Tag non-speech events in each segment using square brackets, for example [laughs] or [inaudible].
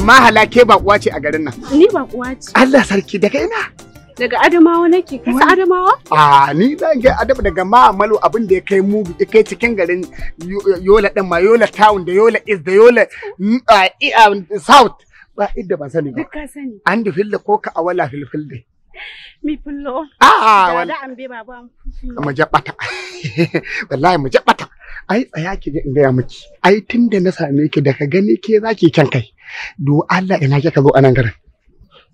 amma halake bakuwa ce a garin nan ni bakuwa ce Allah sarki daga ina daga adamawa nake kai sa adamawa a ni zan ga adama daga mamalu abin da ya kai mu kai cikin garin yola din ma yola town da yola is da yola mm, south ba idda ban sani ba ka sani an da filla ko ka awala filfil dai mi fullo a wala an be baba mu jabbata [laughs] wallahi mu jabbata ai tsaya ki in gaya miki ai tunda na same ki daga gani ke zaki kyan kai Do Allah ina kika zo anan garin?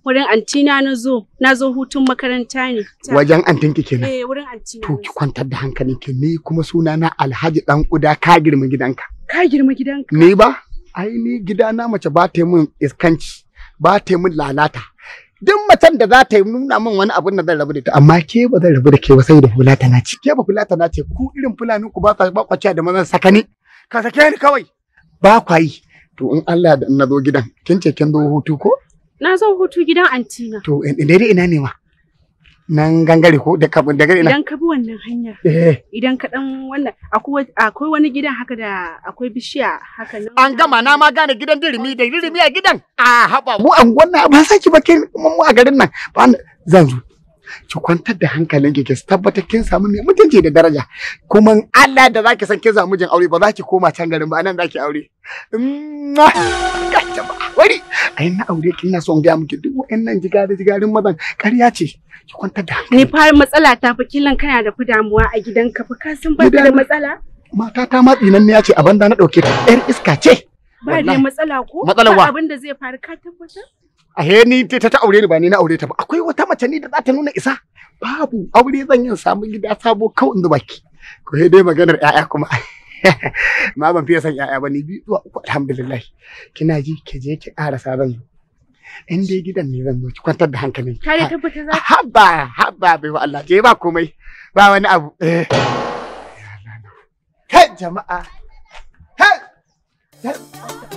Wurin antina na zo, na zo hutun makaranta ne. Wajen ki kenan. Eh, wurin antina. To ki kwantar da ki ni kuma suna na Alhaji Dan Kuda ka girma gidanka. Ka girma gidanka. Ni ba? Ai ni gidana mace ba ta mun iskanci, ba ta mun lalata. Duk macen da za ta yi nuna min wani abin da zan rabu da ta amma ke ba zan rabu da ke ba sai da fulata na ce. Ke ba fulata na ce ku irin fulani ku ba kwa da mazan sakani. Ka sake ni kawai. Ba kwa yi. To in Allah da in na zo gidan, kin ce kin zo hutu ko? Na zo hutu gidan antina. To in daidai ina ne ma? Nan gangare ko da kabin daga ina? Idan ka bi wannan hanya. Eh. Idan ka dan wannan akwai akwai wani gidan haka da akwai bishiya haka nan. An gama na ma gane gidan dirimi da dirimi a gidan. A ah, haba mu an wannan ba saki ba kin mu a garin nan. ba Zan zo. ki kwantar da hankalin ki ki tabbatar kin samu mai mutunci da daraja kuma Allah da zaki san kin samu mijin aure ba za ki koma can garin ba anan zaki aure wari ai na aure kin na in ga miki duk wayannan jigari jigarin mazan ƙarya ce ki kwantar da ni fa matsala ta fa killan kana da damuwa a gidanka fa ka san ba da matsala mata ta matsi nan ne ya ce abin da na dauke ta yar iska ce ba ne matsala ko matsalar abin da zai faru ka tabbatar a ni ta ta aure ni ba ni na aure ta ba akwai wata mace ni da za ta nuna isa babu aure zan yin samu gida sabo kawai in baki. ko ko dai maganar 'ya'ya kuma [laughs] ma ban fiye son 'ya'ya ba ni biyu zuwa uku alhamdulillah kina ji ki je ki karasa sabon in dai gidan ne zan zo ki kwantar da hankalin ka da tabbata za habba habba bai wa Allah je ba komai ba wani abu Eh. kai jama'a kai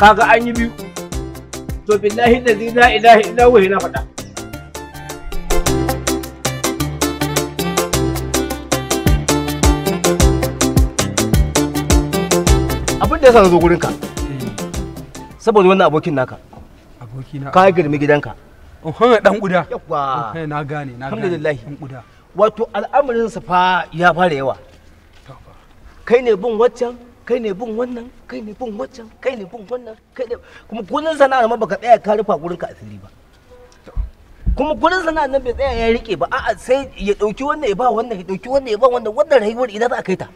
kaga an yi biyu to billahi da zina ilahi ilaha illa na faɗa abin da ya sa zo gurin ka saboda wannan abokin naka ka girmi gidanka ohun dan guda yawa oh, na gane na gane alhamdulillah wato al'amarin sa fa ya fara yawa kai ne bin waccan kai ne bin wannan kai ne bin waccan kai ne bin wannan kai ne kuma gurin sana'a ma baka tsaya ka rufa gurin ka asiri ba kuma gurin sana'a nan bai tsaya ya rike ba a'a sai ya dauki wannan ya ba wannan ya dauki wannan ya ba wannan wannan rayuwar idan za a kai ta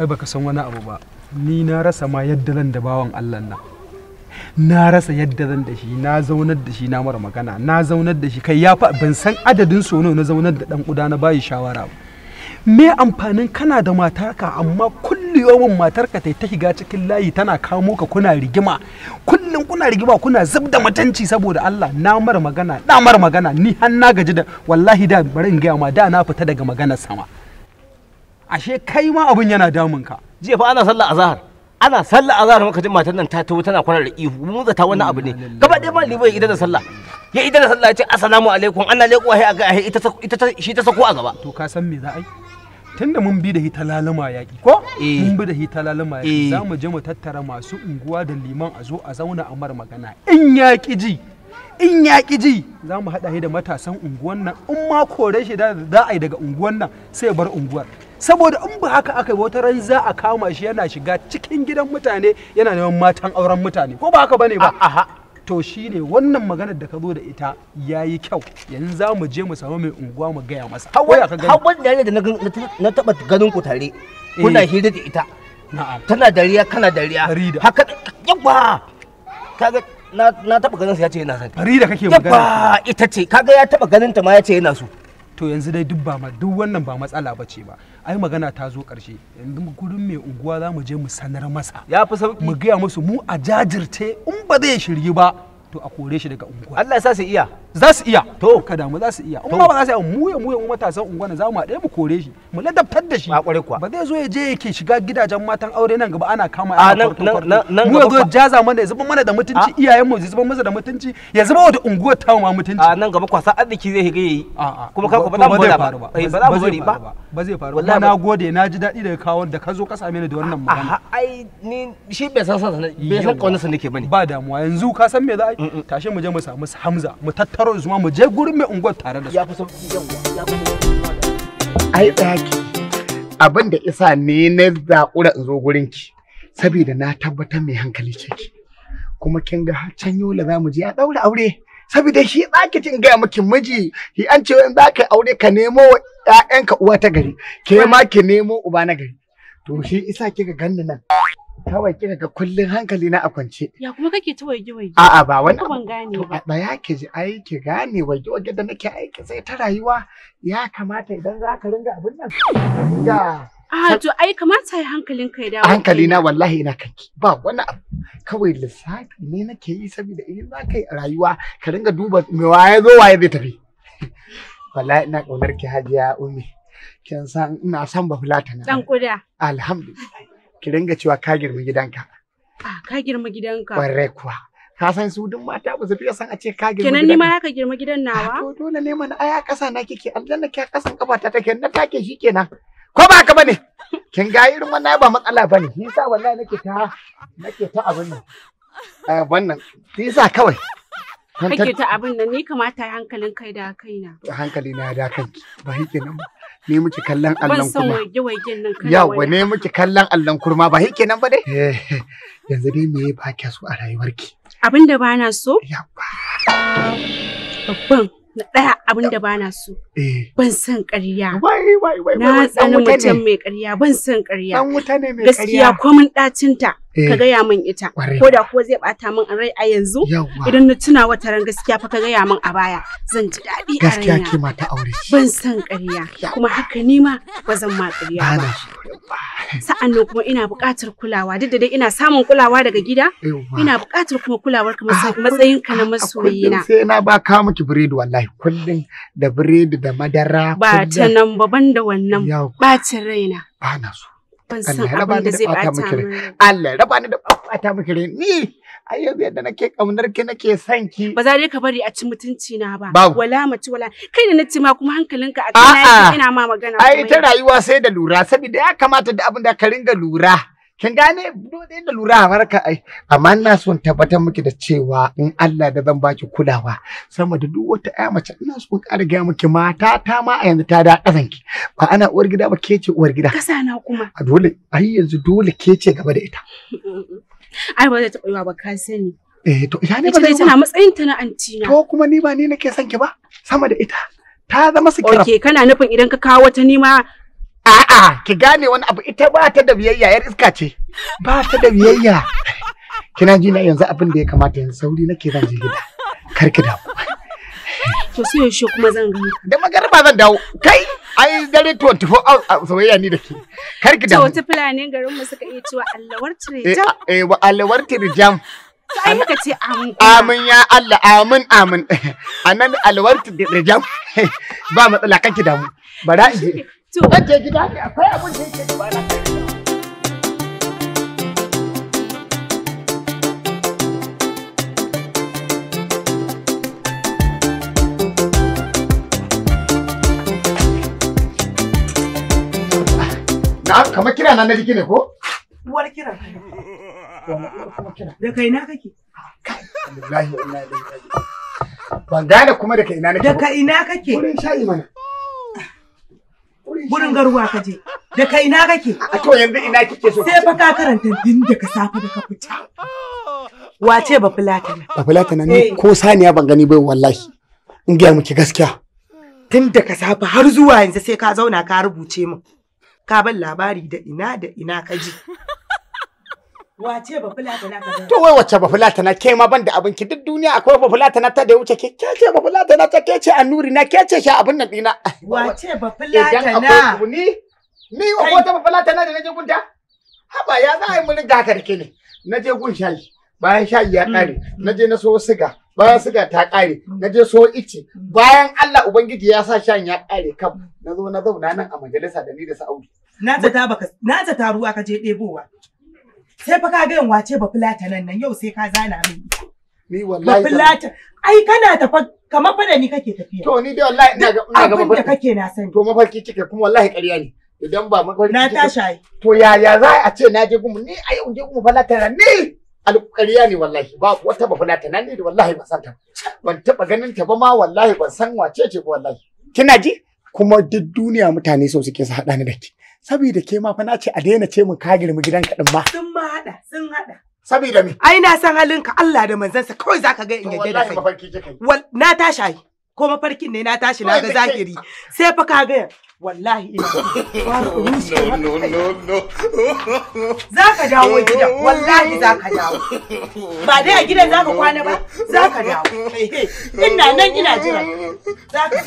ai baka san wani abu ba ni na rasa ma yadda zan da bawan Allah nan na rasa yadda zan da shi na zaunar da shi na mara magana na zaunar da shi kai ya fa ban san adadin sono na zaunar da dan uda na bayi shawara ba me amfanin kana da matarka amma kulliyomin matarka ta ta shiga cikin layi tana kamo ka kuna rigima kullum kuna rigima kuna zub da mutunci saboda Allah na mar magana na mar magana ni har na gaji da wallahi da bari in gaya ma da na fita daga maganar sama ashe kai ma abun yana damun ka jiya fa ana sallah azhar ana sallah azhar muka ji matar nan ta tawo tana kwana da ihu mun zata wannan abu ne gaba ɗaya ba libai idan da sallah ya idan da sallah ya ce assalamu alaikum ana ga ita ita shi ta sako a gaba to ka san me za a yi tunda mun bi da hita lalama yaƙi ko eh. mun bi da hita lalama yaƙi eh. za mu je mu tattara masu unguwa da liman a zo a zauna a mar magana in ya ji in ya ji za mu haɗa da matasan unguwan nan in ma kore shi da za a yi daga unguwan nan sai bar unguwar saboda in ba haka aka yi wata ran za a kama shi yana shiga cikin gidan mutane yana neman matan auren mutane ko ba haka bane ba to shine wannan maganar da ka zo da ita ya yi kyau yanzu za mu je mu samu mai unguwa mu gaya masa hawan da da na taba ganin ku tare kuna eh. hira da ita tana dariya kana dariya haka yabba kaga na taba ganin su ya ce yana son yabba kake magana ita ce kaga ya taba ganin ta ma ya ce yana so to yanzu dai duk ba duk wannan ba matsala ba ce ba ai magana ta zo ƙarshe yanzu gurin mai unguwa za mu je mu sanar masa ya fi sauki mu gaya musu mu a jajirce in ba zai shirye ba to a kore shi daga unguwa Allah ya sa su iya za su iya to ka damu za su iya in ba za su iya mu ya mu ya matasan unguwa za mu haɗe mu kore shi mu ladabtar da shi ba zai zo ya je yake shiga gidajen matan aure nan gaba ana kama a nan mu ya zo ya jaza mana ya zuba mana da mutunci iyayen mu ya zuba masa da mutunci ya zuba da unguwar ta ma mutunci a nan gaba kwasa arziki zai ga yayi kuma ka ba za mu faru eh, ba ba za mu bari ba ba zai faru ba na gode na ji daɗi da kawo da ka zo ka same ni da wannan magana ai ni shi bai san san bai san kaunar sa nake bane ba damuwa yanzu ka san me za a yi tashi mu je mu samu Hamza mu tattauna karo zuwa mu je gurin mai unguwar tare da su sauki yawa ai tsaki abin da isa ne na zakura in zo gurin ki saboda na tabbatar mai hankali ce ki kuma kin ga har can yola za mu je a daura aure saboda shi tsaki jin gaya miki miji shi an ce in zaka aure ka nemo yayanka uwa ta gari ke ma ki nemo uba na gari to shi isa kika ganni nan kawai kika ga kullun hankali na a kwance. Ya kuma kake ta waje waje? A'a ba wani abu. Ban gane ba. ba ya ke ji ai ke gane waje waje da nake aiki sai ta rayuwa ya kamata idan za ka ringa abin nan. Ga. A to ai kamata ya hankalin kai da. Hankali na wallahi ina kanki ba wani abu. Kawai lissafi ne nake yi saboda idan za ka yi rayuwa ka ringa duba me waye zo waye zai tafi. [laughs] Wallahi ina kaunar ki Hajiya Ummi. Kin san ina son fulata na. Dan kuda. Alhamdulillah. ki ringa cewa ka girma gidanka. Ka girma gidanka. Kwarai kuwa. Ka san su duk mata ba su fiye san a ce ka girma gidanka. Kenan ni ma ka girma gidan nawa? Ah, to dole ne mana aya kasa na kike aljanna ke kasan kafa ta take na take kenan. Ko ba ka bane? Kin ga irin wannan ba matsala bane. Ni sa wallahi nake ta nake ta abin nan. Eh wannan ni sa kawai. Kake ta abin nan ni kamata hankalin kai da kaina. Hankali na da kanki ba hikinan ba. ne muke kallon allon kurma yawa ne muke kallon allon kurma ba yake nan ba dai yanzu dai me ba kya so a rayuwarki abin da bana so babban na ɗaya abin da bana so ban san ƙarya na tsani mutum mai ƙarya ban san ƙarya gaskiya komin ɗacinta Eh. ka gaya min ita ko da kuwa zai bata min an rai a yanzu idan na tuna wata ran gaskiya fa ka gaya min a baya zan ji daɗi a raina gaskiya ke mata aure ban san ƙarya kuma haka ni ma ba zan ma ƙarya ba nan kuma ina buƙatar kulawa duk da dai ina samun kulawa daga gida ina buƙatar kuma kulawar ka ah, matsayin ka na masoyina sai na ba ka miki biredi wallahi kullum da biredi da madara ba ta nan ba ban da wannan ɓacin raina ba na so ban san abin da zai bata min Allah raba ni da bata miki rai ni a yau yadda nake kaunar ki nake son ki ba za dai ka bari a ci mutunci na ba wala mace wala kai da nace ma kuma hankalinka a kana ina ma magana ai ta rayuwa sai da lura saboda ya kamata da abin da ka ringa lura kin gane dole da lura a barka ai amma ina son tabbatar miki da cewa in Allah da zan baki kulawa sama da duk wata aya mace ina son ƙara ga miki mata ta ma a yanzu ta da ƙasan ki ba ana uwar gida ba ke ce uwar gida kasa na kuma a dole ai yanzu dole ke ce gaba da ita [laughs] ai ba zai taɓa yi ba ka sani eh to ya ne ba zai tana matsayin ta na antina to kuma ni ba ni nake son ki ba sama da ita ta zama kira okay kana nufin idan ka kawo wata nima A'a, ki gane wani abu ita ba ta da biyayya yar iska ce. Ba ta da biyayya. Kina ji na yanzu abin da ya kamata yanzu sauri nake zan je gida. Kar ki dawo. To sai yaushe kuma zan gani. Da ba zan dawo. Kai ai dare 24 hours soyayya ni da ke. Kar ki dawo. To wata fulanin garin mu suka iya cewa Allahwar Tirjam. Eh, eh wa Allahwar Tirjam. Sai muka ce amin. Amin ya Allah amin amin. [laughs] Anan alwar Tirijam. [laughs] Ba matsala kanki damu. Bara in je. To. Kaje gida ne akwai abin da yake gaba na kira na ne ko? Uwar kira. Da kai na kake? Wallahi gane kuma da kai ina nake. Da kai ina kake? Wurin Wurin garuwa ka je. Da kai na kake. A to yanzu ina kike so. Sai fa ka karanta din da ka safa da ka fita. Wace ba fulatana? Ba fulatana ne eh. ko saniya ban gani bai wallahi. In ga miki gaskiya. Tun da ka safa har zuwa yanzu sai ka zauna ka rubuce min. Ka bar labari da ina da ina ka je. Wace ba fulatana ka To wai wace ba fulatana ke ma ban da abin ki duk duniya akwai ba fulatana ta da wuce ke ke ce ba fulatana ta ke ce nuri na ke ce sha abin nan dina. Wace ba fulatana? Idan akwai ni ni akwai wata ba fulatana da naje gunta? Haba ya za a yi mun riga ka rike ne. Naje gun shayi bayan shayi ya kare naje mm. na so siga bayan siga ta kare mm. naje so ice mm. bayan Allah ubangiji ya sa shayin ya kare kam na zo na zauna nan a majalisa da ni da Sa'udi. Na ta ruwa ka je ɗebowa. Sai fa ka ga yin wace ba fulata nan nan yau sai ka zana min ita. Ni wallahi ba fulata. Ai kana tafa kamar fa da ni kake tafiya. To ni dai wallahi ina ga ina ga mafarki. kake na sani. To mafarki kike kuma wallahi ƙarya ne. Idan ba mafarki Na ai To ya ya za a ce na je gumu ni a je gumu fulata nan ne. alƙarya ne wallahi ba wata ba fulata nan ne wallahi ba san ta ban taɓa ganin ta ba ma wallahi ban san wace ce ko wallahi kina ji kuma duk duniya mutane so suke su haɗa ni da ke Saboda ke ma fa na ce a daina ce min ka girmi gidanka din ma. Sun ma haɗa, sun haɗa. Saboda me? Ai na san halinka Allah da manzansa kawai zaka ga in yadda da kai. Wallahi mafarki kike. Na tashi ai. Ko mafarkin ne na tashi na ga zahiri. Sai fa ka ga wallahi ina [laughs] no no no za ka dawo gida wallahi za ka dawo ba dai a gidan za ka kwana ba za ka dawo ina nan ina jira za ka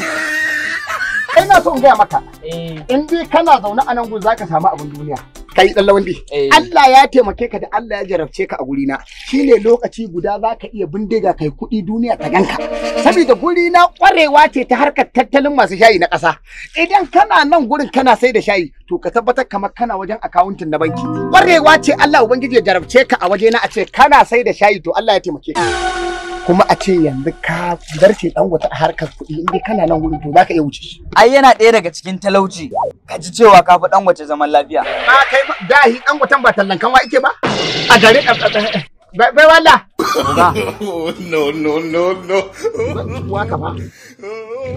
ina son gaya maka eh. in dai kana zaune a nan gun za ka samu abin duniya kai dan lawandi eh. Allah ya taimake ka da Allah ya jarabce ka a guri na shine lokaci guda zaka iya bindiga kai kuɗi duniya ta ganka saboda gurina na kwarewa ce ta harkar tattalin masu shayi na ƙasa idan kana nan gurin kana sai da shayi to ka tabbatar kamar kana wajen akawuntin na banki kwarewa ce Allah ubangiji ya jarabce ka a waje na a ce kana sai da shayi to Allah ya taimake ka kuma a ce yanzu ka zarce dangote a harkar kuɗi inda kana nan wurin to baka iya wuce shi ai yana ɗaya daga cikin talauci ka ji cewa ka fi wace zaman lafiya a kai dahi watan ba tallan wa yake ba a gare bai wala no no no no ka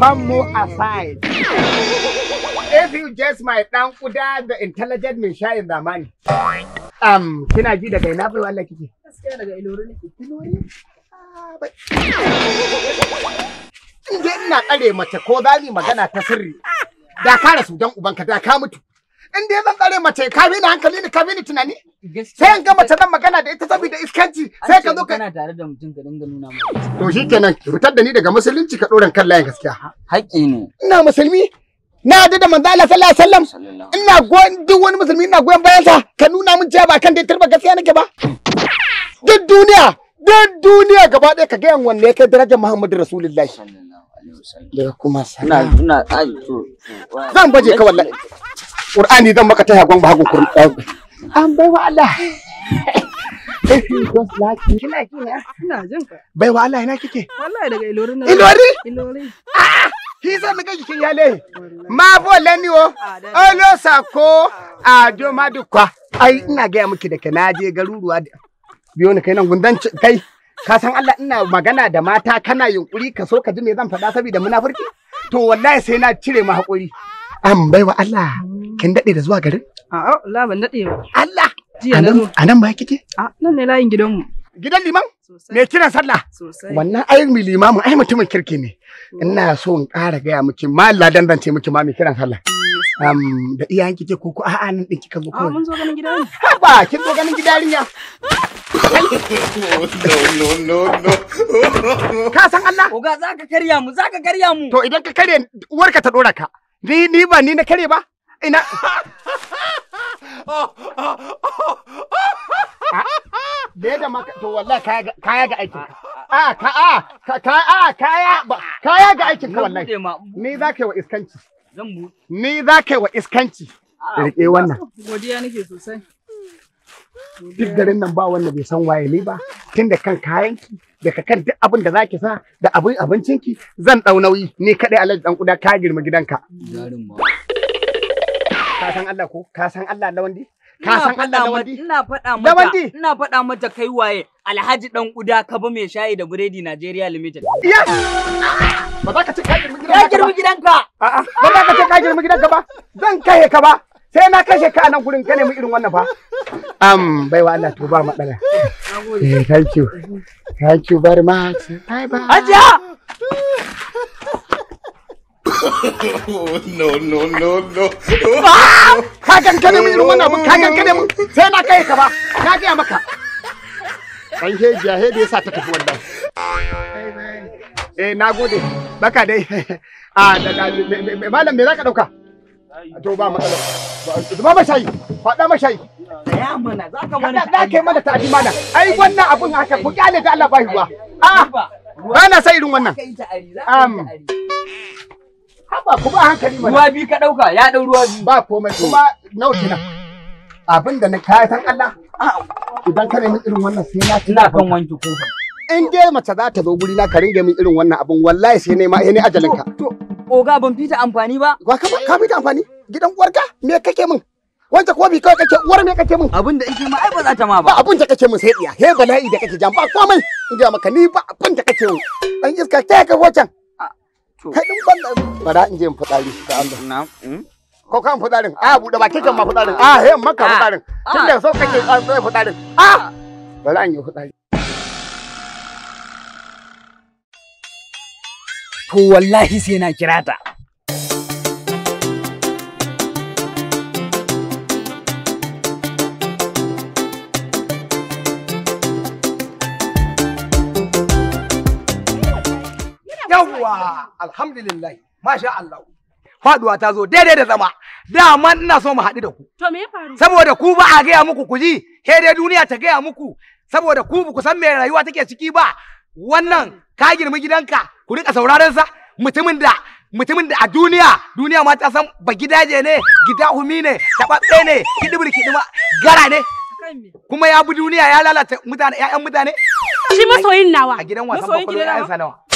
ba mo aside if you just my dan kuda the intelligent mai shayin zamani am kina ji daga ina bai wala kike gaskiya daga ilori nake ilori In dai ina tsare mace ko za ni magana ta sirri, da ka rasu dan ubanka da ka mutu. In dai zan tsare mace ka bi ni hankali ni ka bi ni tunani. Sai in ga mace zan magana da ita saboda iskanci sai ka zo ka. Kana tare da mutum ka dinga nuna mai. To shikenan fitar da ni daga musulunci ka ɗoran kan layin gaskiya. Haƙƙi ne. Ina musulmi. na yadda da manzo Allah sallallahu alaihi wasallam ina goyon duk wani musulmi ina goyon bayansa ka nuna min cewa ba kan da tarba gaskiya nake ba hmm. duk duniya duk duniya gaba ɗaya ka ga yan wanne kai darajar Muhammadu Rasulullahi da kuma sana na to zan baje ka wallahi Qur'ani zan maka taya gwan ba hagu Qur'ani an bai wa Allah bai wa Allah ina kike wallahi daga Ilori na Ilori Ilori ah, Hisa mi gaji kin yale ma bo leni o olo sako a do madukwa ai ina ga miki da ke naje garuruwa da biyo ni kai nan gundan kai ka san Allah ina magana da mata kana yunkuri ka so ka ji me zan faɗa saboda munafurci to wallahi sai na cire ma haƙuri an baiwa Allah kin dade da zuwa garin a Allah ban dade ba Allah a nan ba kike a nan ne layin gidanmu gidan liman me kiran sallah wannan ai mi limamin ai mutumin kirki ne ina so in ƙara gaya miki ma Allah dan zan ce miki ma me kiran sallah da iyayen kike ko ko a'a nan din kika zo kawai. mun zo ganin Haba kin zo ganin gida rinya. No no no no. Ka san Allah? Oga za ka karya mu za ka karya mu. To idan ka karya uwarka ta dora ka. Ni ni ba ni na karya ba. Ina. Da to wallahi kaya ga aikin ka. A ka a kaya ga aikin ka wallahi. Ni za ka yi wa iskanci. Ni za ka yi wa iskanci. Rike wannan. Godiya nake sosai. Duk garin nan ba wanda bai san waye ni ba, tun da kan kayanki, daga kan duk abin da zaki sa, da abin abincinki, zan ɗau nauyi, ni kaɗai alaji dan kuda ka girma gidanka. Ka san Allah ko? Ka san Allah wandi ka san Allah lawandi ina faɗa mata lawandi ina faɗa mata kai waye Alhaji dan Uda ka ba mai shayi da buredi Nigeria Limited yes ba za ka ce ka girmi gidanka ba za ka ce ka girmi gidanka ba zan kai ka ba sai na kashe ka a nan gurin ka nemi irin wannan ba. am baiwa Allah to ba matsala eh, thank you thank you very much bye bye ajiya no no no no Kagan ganka ne irin wannan abin ka ganka ne mun sai na kai ka ba na gaya maka dan hejiya he da yasa ta tafi wannan eh na gode baka dai ah, a malam me zaka dauka to ba matsala zuba shayi faɗa mashayi ya mana zaka mana da kai mana ta ji mana ai wannan abin haka ku kyale da Allah ba shi ba ah, a ba na sai irin wannan am Haba kuma hankali mana. Ruwa biyu ka ɗauka ya ɗau ruwa biyu. Ba komai kuma nawa kenan. Abin da na kaya san Allah. Idan ka nemi irin wannan sai na ci. Ina kan wanki kofa. In dai mace za ta zo guri na ka ringa min irin wannan abin wallahi sai ne ma ne ajalin ka. To oga ban fita amfani ba. Wa ka ka fita amfani? Gidan uwarka me kake min? Wanda kuma bi kawai kake uwar me kake min? Abin da ke ma ai ba za ta ma ba. Ba abin da kake min sai iya. He bala'i da kake jam ba komai. In ga maka ni ba abin da kake min. Dan iska ta ka wacan. Kai din ban bara in je in fitsari hmm? ka Allah. Na'am. Ko kan fitsarin? A ah, buɗe baki kan ma fitsarin. A ah. ah, he maka fitsarin. Tun da so kake kan tsaye fitsarin. A bara an yi fitsari. To wallahi sai na kira ta. yawa alhamdulillah masha Allah faduwa ta zo daidai da zama dama ina so mu haɗu da ku to me ya faru saboda ku ba a gaya muku ku ji ke dai duniya ta gaya muku saboda ku ku san me rayuwa take ciki ba wannan ka girmi gidanka ku rika sauraron sa mutumin da mutumin da a duniya duniya ma ta san ba gidaje ne gida humi ne taɓaɓɓe ne kidibir kidima gara ne kuma ya bi duniya ya lalata mutane ya'yan mutane shi masoyin nawa a gidan wasan bakwalo ƴaƴan sanawa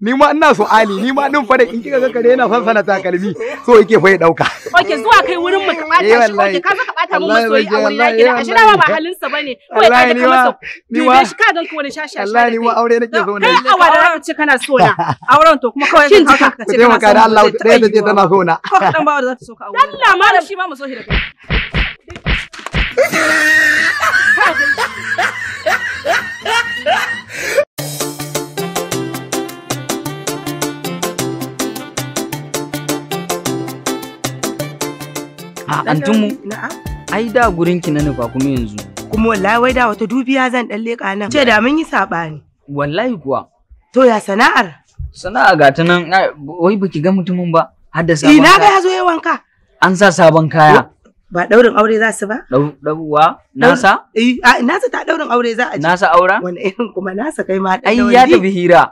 ni ma ina so ali ni ma din fara in kika ga kare yana son sana takalmi so yake fa ya dauka oke zuwa kai wurin mu ka bata eh, shi oke ka zaka bata mu masoyi a wani gida a ashira ba halin sa bane kai ka ni ma ni ma shi ka ganki wani shashi Allah ni ma aure nake so ne kai awa da zaka ce kana so na [laughs] auren to kuma kawai ka ka ce kana so ka da Allah da yadda ce tana so na ko ka dan bawa da zaka so ka aure Allah ma da shi ma mu so shi da kai [laughs] a antumu ai da gurin ki na nufa kuma yanzu kuma wallahi wai da wata dubiya zan dan leka nan ce da mun yi sabani wallahi kuwa to ya sana'ar sana'a ga ta nan wai baki ga mutumin ba har da sabon ina ga yazo yawan ka an sa sabon kaya ba daurin aure za su ba? Dauwa nasa? Eh, nasa ta daurin aure za a ji. Nasa aura? Wani irin kuma nasa kai ma Ai ya tafi hira.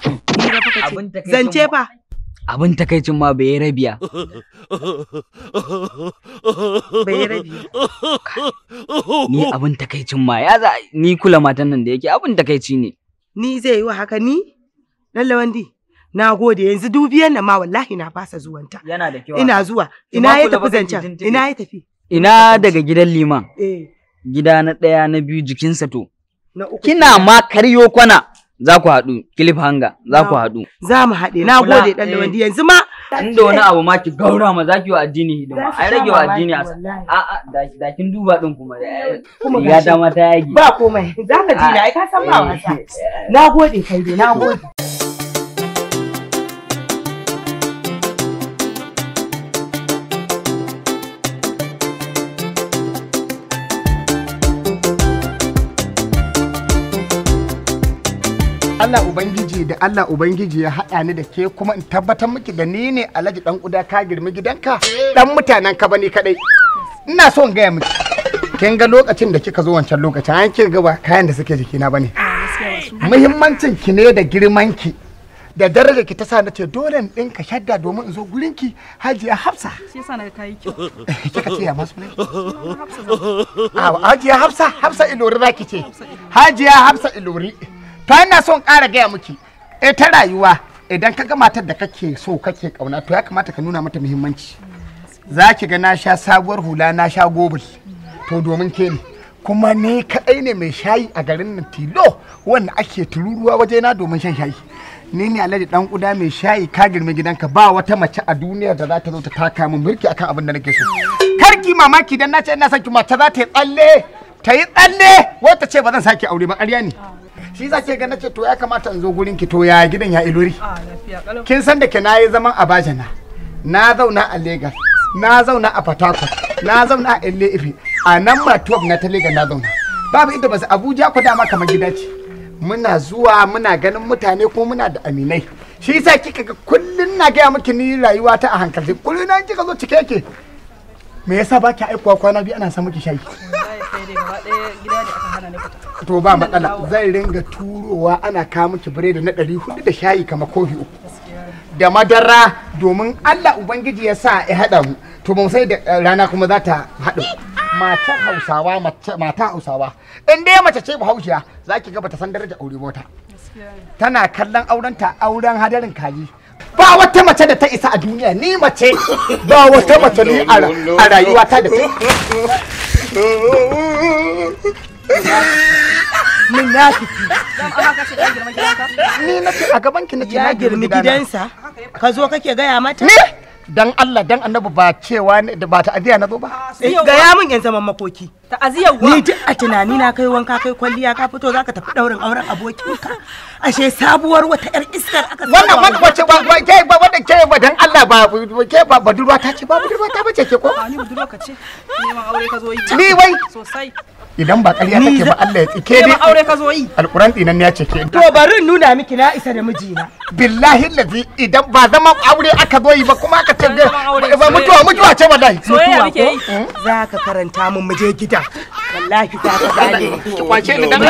Zance fa. abin takaicin ma bai rabiya bai rabiya ni abin takaicin ma ya za ni kula matan nan da yake abin takaici ne ni zai yi wa haka ni lalle wandi na gode yanzu dubiyan nan ma wallahi na fasa zuwanta yana da kyau ina zuwa ina ya tafi zancan ina ya tafi ina daga gidan liman eh gida na daya na biyu jikinsa to kina ma karyo kwana za ku haɗu hanga za ku haɗu za mu haɗe na gode dan eh. wanda yanzu ma in da wani abu ma ki gaura ma za ki wa addini hidima ai rage wa addini a a da kin duba din kuma eh, kuma ya dama ta yage ba komai za ka ji na ai ka san ba eh. wasa na gode kai dai na gode Allah Ubangiji da Allah Ubangiji ya haɗa ni da ke kuma in tabbatar miki da ni ne Alhaji dan kuda ka girmi gidanka dan mutanen ka bane kadai ina so in gaya miki kin ga lokacin da kika zo wancan lokacin an kin ga ba kayan da suke jikina bane ah, muhimmancin ki ne da girman ki da daraja ki ta sa na ce dole in dinka shadda domin in zo gurin ki hajiya hafsa shi yasa na kayi ki [laughs] kika ce ya masu ne hajiya hafsa hafsa ilori ki ce hajiya hafsa ilori to ina son ƙara gaya miki e ta rayuwa idan ka ga matar da kake so kake kauna to ya kamata ka nuna mata muhimmanci za ki ga na sha sabuwar hula na sha gobul to domin ke ne kuma ne kaɗai ne mai shayi a garin nan tilo wanda ake tururuwa waje na domin shan shayi ni ne alhaji dan kuda mai shayi ka girme gidanka ba wata mace a duniya da za ta zo ta taka min mulki akan abin da nake so karki mamaki dan na ce ina son ki mace za ta yi tsalle ta yi tsalle wata ce ba zan sake aure ba ƙarya ne shi za ke ga ce to ya kamata in zo gurin ki to ya gidan ya ilori kin san da ke na yi zaman a bajana na zauna a Legas na zauna a Fatakwa na zauna a Ile a nan ma na ta Legas na zauna babu inda ba Abuja ku dama kamar gida ce muna zuwa muna ganin mutane ko muna da aminai shi yasa kika ga kullun na gaya miki ni rayuwa ta a hankali kullun na, kika zo cike ke me yasa baki aikowa kwana biyu ana sa miki shayi to ba matsala zai ringa turowa ana kawo miki biredi na ɗari hudu da shayi kama kofi uku da madara domin Allah Ubangiji ya sa ya haɗa mu to ba sai da eh, rana kuma za ta haɗu matan hausawa mata hausawa in dai mace ce bahaushiya za ki ga ta san daraja aure mota tana kallon aurenta auren hadarin kaji ba wata mace da ta isa a duniya ni mace ba wata mace ne a rayuwata da ta min na ni na ce a gaban ki na ce na girmi gidansa ka zo kake gaya mata ni dan Allah dan annabi ba cewa ne ba ta ta'aziya na zo ba eh, gaya min yan zaman makoki ta aziya wa ni duk a tunani na kai wanka kai kwalliya ka fito zaka tafi daurin auren abokinka ashe sabuwar wata yar iskar aka wannan wannan wace ba ba ke ba wanda ke ba dan Allah ba ke ba budurwa ta ce ba budurwa ta bace ke ko ni budurwa ka ce ni ma aure ka zo yi ni wai sosai idan ba ƙarya take ba Allah ya tsike dai aure ka zo yi alquran dinan ya ce ke to bari nuna miki na isa da mijina billahi ladhi idan ba zama aure aka zo yi ba kuma aka ce ba mutuwa mutuwa ce ba wallahi mutuwa ko hmm? za ka karanta mun muje gida wallahi ta ka gane kwace ni dan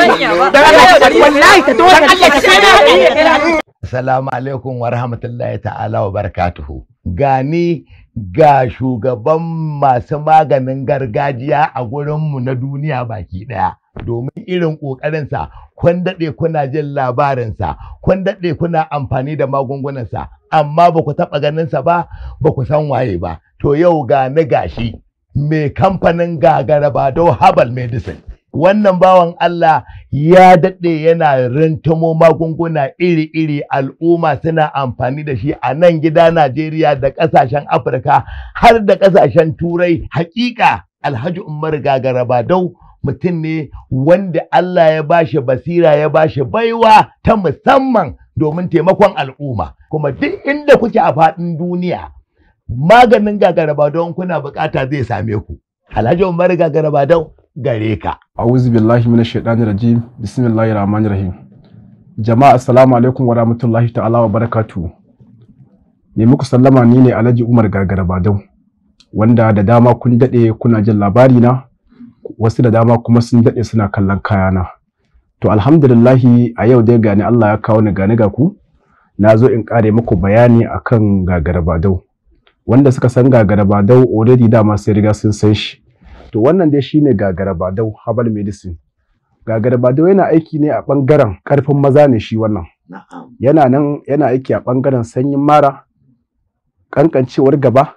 Allah wallahi ka to Allah ka Assalamu alaikum wa ta'ala wa barakatuhu gani ga shugaban masu maganin gargajiya a gurinmu na duniya baki ɗaya. Domin irin ƙoƙarinsa, kun daɗe kuna jin labarinsa, kun daɗe kuna amfani da magungunansa, amma ba ku taɓa ganinsa ba, ba ku san waye ba. To yau gani gashi, mai kamfanin ba don Herbal Medicine. wannan bawan Allah ya daɗe yana rantamo magunguna iri-iri al'umma suna amfani da shi a nan gida Najeriya da ƙasashen Afirka har da ƙasashen Turai hakika Alhaji Umar Gagaraba dau mutum ne wanda Allah ya bashi basira ya bashi baiwa ta musamman domin taimakon al'umma kuma duk inda kuke a faɗin duniya maganin gagaraba don kuna bukata zai same ku Alhaji Umar Gagaraba dau gare ka a'udhu billahi minash shaitanir rajim bismillahir rahmanir rahim jama'a assalamu alaikum wa rahmatullahi ta'ala wa barakatuh ne muku sallama ni ne Alhaji Umar Gagarabadau wanda da dama kun dade kuna jin labari na wasu da dama kuma sun daɗe suna kallon kaya na. to alhamdulillahi a yau dai gani Allah ya kawo ni gani ga ku na zo in kare muku bayani akan Gagarabadau wanda suka san Gagarabadau already dama sai riga sun san shi To wannan dai shine gagarabadau herbal medicine. Gagarabadau yana aiki ne a ɓangaren ƙarfin maza ne shi wannan. Yana nan yana aiki a ɓangaren sanyin mara, kankancewar gaba,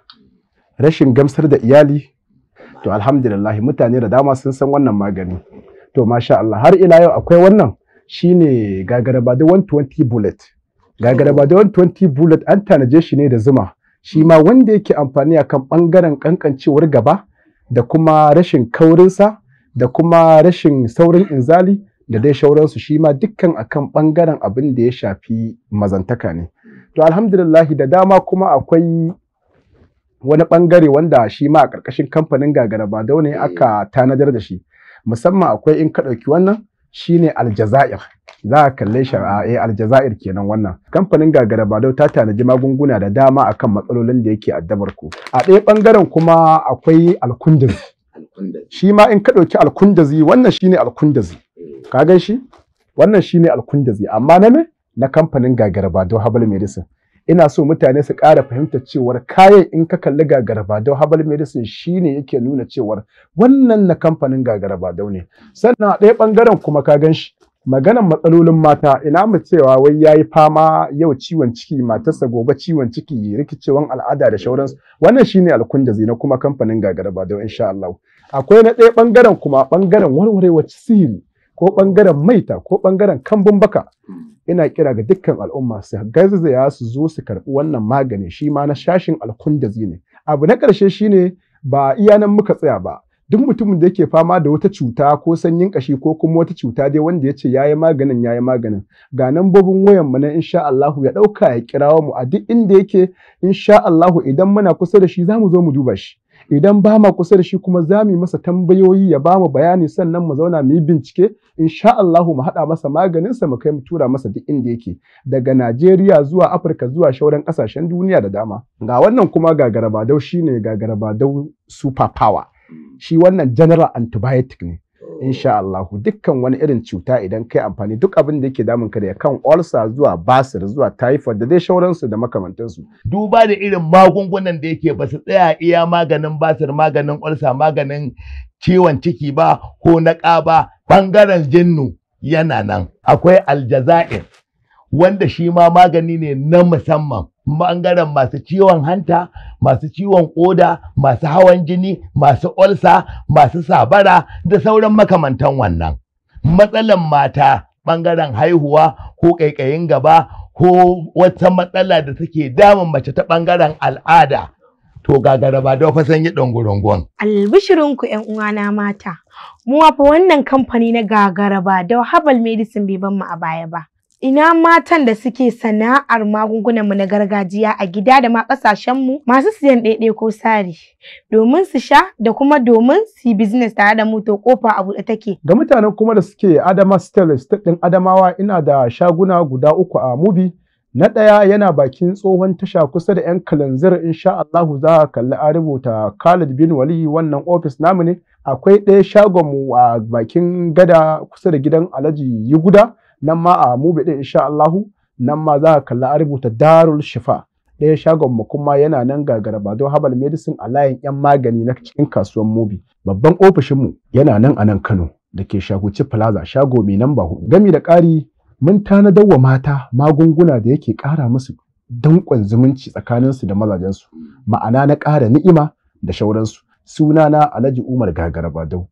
rashin gamsar da iyali. To alhamdulillah mutane da dama sun san wannan magani. To masha Allah har ila yau akwai wannan shine gagarabadau 120 bullet. Gagarabadau 120 bullet an tanaje shi ne da zuma. Shi ma wanda yake amfani akan ɓangaren ƙanƙancewar gaba, da kuma rashin kaurinsa da kuma rashin saurin inzali da dai shauransu shi ma dukkan akan ɓangaren abin da ya shafi mazantaka ne to alhamdulillah da dama kuma akwai wani ɓangare wanda shi ma a ƙarƙashin kamfanin gagara ba da wani aka tanadar da shi musamman akwai in ka ɗauki wannan shine Aljazair. Za a kalle shi a eh, Aljazair kenan wannan. Kamfanin Gagara Badau ta tanaji magunguna da dama akan matsalolin da yake addabar ku. A ɗaya ɓangaren kuma akwai alkundin. Shi ma in ka ɗauki alkundazi wannan shine alkundazi. Ka gan shi? Wannan shine alkundazi amma na me? Na kamfanin Gagara Badau habal Medicine. ina so mutane su ƙara fahimtar cewar kayan in ka kalli gagarabadau Merisin medicine ne yake nuna cewar wannan na kamfanin gagarabadau ne sannan a ɗaya ɓangaren kuma ka gan shi maganan matsalolin mata ina mu cewa wai yayi fama yau ciwon ciki matarsa gobe ciwon ciki rikicewan al'ada da shauransu wannan shine alkunda zina kuma kamfanin gagarabadau insha Allah akwai na ɗaya ɓangaren kuma ɓangaren warwarewar sihiri ko ɓangaren maita ko ɓangaren kambun baka hmm. ina kira ga dukkan al'umma su garzaya su zo su karɓi wannan magani shi ma na shashin alkundazi ne abu na ƙarshe shine ba iya nan muka tsaya ba duk mutumin da yake fama da wata cuta ko sanyin kashi ko kuma wata cuta dai wanda ya ce ya yi maganin ya yi maganin ga nan bobin wayan mu na insha Allah ya ɗauka ya kirawo mu a duk inda yake insha Allah idan muna kusa da shi za mu zo mu duba shi idan ba ma kusa da shi kuma za mu yi masa tambayoyi ya ba mu bayani sannan mu zauna mu yi bincike insha Allahu mu haɗa masa maganin sa mu kai mu tura masa duk inda yake daga Najeriya zuwa Afirka zuwa shauran ƙasashen duniya da dama ga wannan kuma dau shine dau super power shi wannan general antibiotic ne insha Allah dukkan wani irin cuta idan kai amfani duk abin da yake damun ka da kan ulcer zuwa basir zuwa typhoid da dai shauransu da makamantansu duba da irin magungunan da yake ba su tsaya iya maganin basir maganin ulcer maganin ciwon ciki ba ko na ƙaba bangaren jinnu yana nan akwai aljazair wanda shi ma magani ne na musamman bangaren masu ciwon hanta masu ciwon ƙoda, masu hawan jini masu olsa masu sabara da sauran makamantan wannan matsalan mata bangaren haihuwa ko ƙaiƙayin gaba ko wata matsala da take damun mace ta ɓangaren al'ada to gagara ba don fasan yi Albishirin Albishirinku ‘yan uwana mata, mu fa wannan kamfani na gagara ba da habal medicine bai ban mu a baya ba. ina matan da suke sana'ar magungunanmu na gargajiya a gida da ma ƙasashenmu masu siyan ɗaiɗai ko sari domin su sha da kuma domin su yi business tare da mu to kofa a buɗe take. Ga mutanen kuma da suke Adama Style ɗin Adamawa ina da shaguna guda uku a Mubi. Na ɗaya yana bakin tsohon tasha kusa da 'yan kalanzir insha Allahu za a kalli a rubuta Khalid bin Wali wannan ofis namu ne. Akwai ɗaya shagonmu a bakin gada kusa da gidan Alhaji Yuguda. nan ma a mubi din insha Allahu nan ma za ka kalla a rubuta darul shifa ɗaya shagon mu kuma yana nan gagara ba don habal medicine a layin yan magani na cikin kasuwar mubi babban ofishin mu yana nan a nan Kano da ke shaguci plaza shago mai namba hudu gami da ƙari mun tanadar wa mata magunguna da yake ƙara musu danƙon zumunci tsakaninsu da mazajensu ma'ana na ƙara ni'ima da shauransu sunana Alhaji Umar Gagara